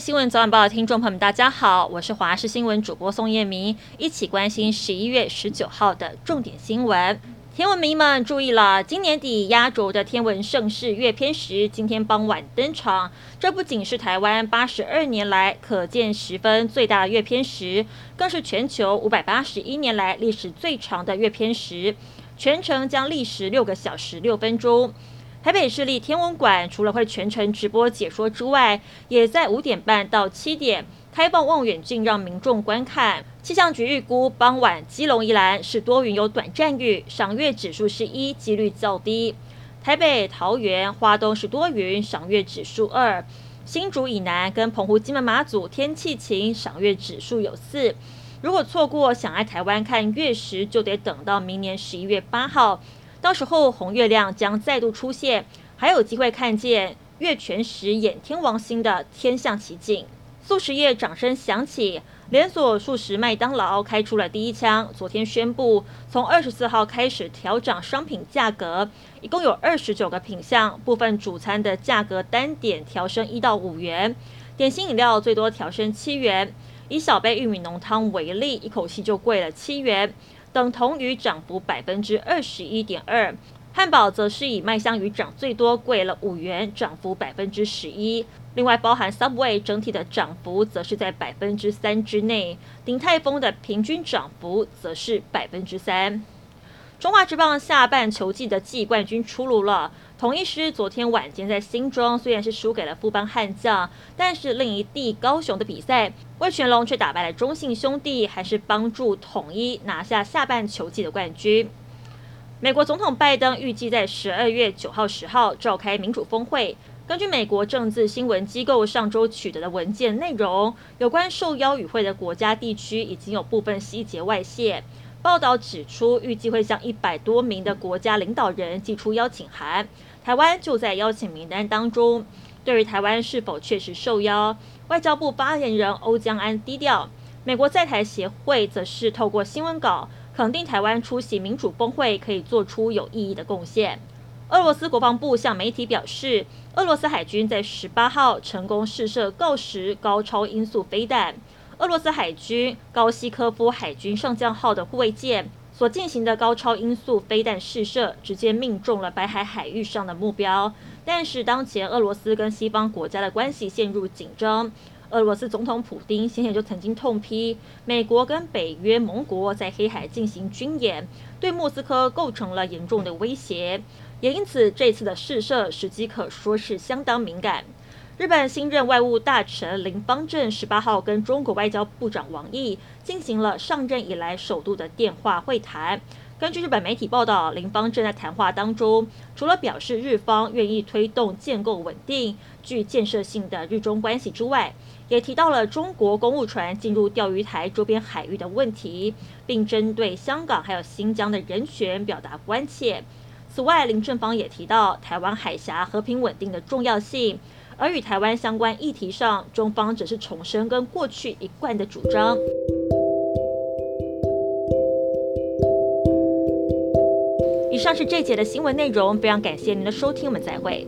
新聞早晚報的聽眾朋友們，大家好，我是華視新聞主播宋燕明，一起關心十一月十九號的重點新聞。天文迷們注意了，今年底壓軸的天文盛事——月偏食，今天傍晚登場。這不僅是台灣八十二年來可見食分最大月偏食，更是全球五百八十一年來歷史最長的月偏食，全程將歷時六個小時六分鐘。臺北市立天文館除了會全程直播解說之外，也在五點半到七點開放望遠鏡讓民眾觀看。氣象局預估，傍晚基隆宜蘭是多雲有短暫雨，賞月指數是一，幾率較低。台北、桃園、花東是多雲，賞月指數二。新竹以南跟澎湖、金門、馬祖天氣晴，賞月指數有四。如果錯過想來台灣看月食，就得等到明年十一月八號。到時候紅月亮將再度出現，還有機會看見月全食掩天王星的天象奇景。速食業掌聲響起，連鎖速食麥當勞開出了第一槍。昨天宣布，從二十四號開始調漲商品價格，一共有二十九個品項，部分主餐的價格單點調升一到五元，點心飲料最多調升七元。以小杯玉米濃湯為例，一口氣就貴了七元。等同於漲幅百分之二十一點二，漢堡則是以麥香魚漲最多，貴了五元，漲幅百分之十一。另外，包含 Subway 整體的漲幅則是在百分之三之內，鼎泰豐的平均漲幅則是百分之三。中華職棒下半球季的季冠軍出爐了。統一獅昨天晚間在新莊雖然是輸給了富邦悍將，但是另一地高雄的比賽，味全龍卻打敗了中信兄弟，還是幫助統一拿下下半球季的冠軍。美國總統拜登預計在十二月九號、十號召開民主峰會。根據美國政治新聞機構上周取得的文件內容，有關受邀與會的國家地區已經有部分細節外洩。報道指出，預計會向一百多名的國家領導人寄出邀請函，台灣就在邀請名單當中。對於台灣是否確實受邀，外交部發言人歐江安低調。美國在台協會則是透過新聞稿肯定台灣出席民主峰會可以做出有意義的貢獻。俄羅斯國防部向媒體表示，俄羅斯海軍在十八號成功試射鋯石高超音速飛彈。俄羅斯海軍高西科夫海軍上將號的護衛艦所進行的高超音速飛彈試射，直接命中了白海海域上的目標。但是，當前俄羅斯跟西方國家的關係陷入緊張，俄羅斯總統普丁先前就曾經痛批美國跟北約盟國在黑海進行軍演，對莫斯科構成了嚴重的威脅。也因此，這次的試射時機可說是相當敏感。日本新任外務大臣林芳正十八號跟中國外交部長王毅進行了上任以來首度的電話會談。根據日本媒體報道，林芳正在談話當中，除了表示日方願意推動建構穩定、具建設性的日中關係之外，也提到了中國公務船進入釣魚台周邊海域的問題，並針對香港還有新疆的人權表達關切。此外，林芳正也提到台灣海峽和平穩定的重要性。而與台灣相關議題上，中方只是重申跟過去一貫的主張。以上是這節的新聞內容，非常感謝您的收聽，我們再會。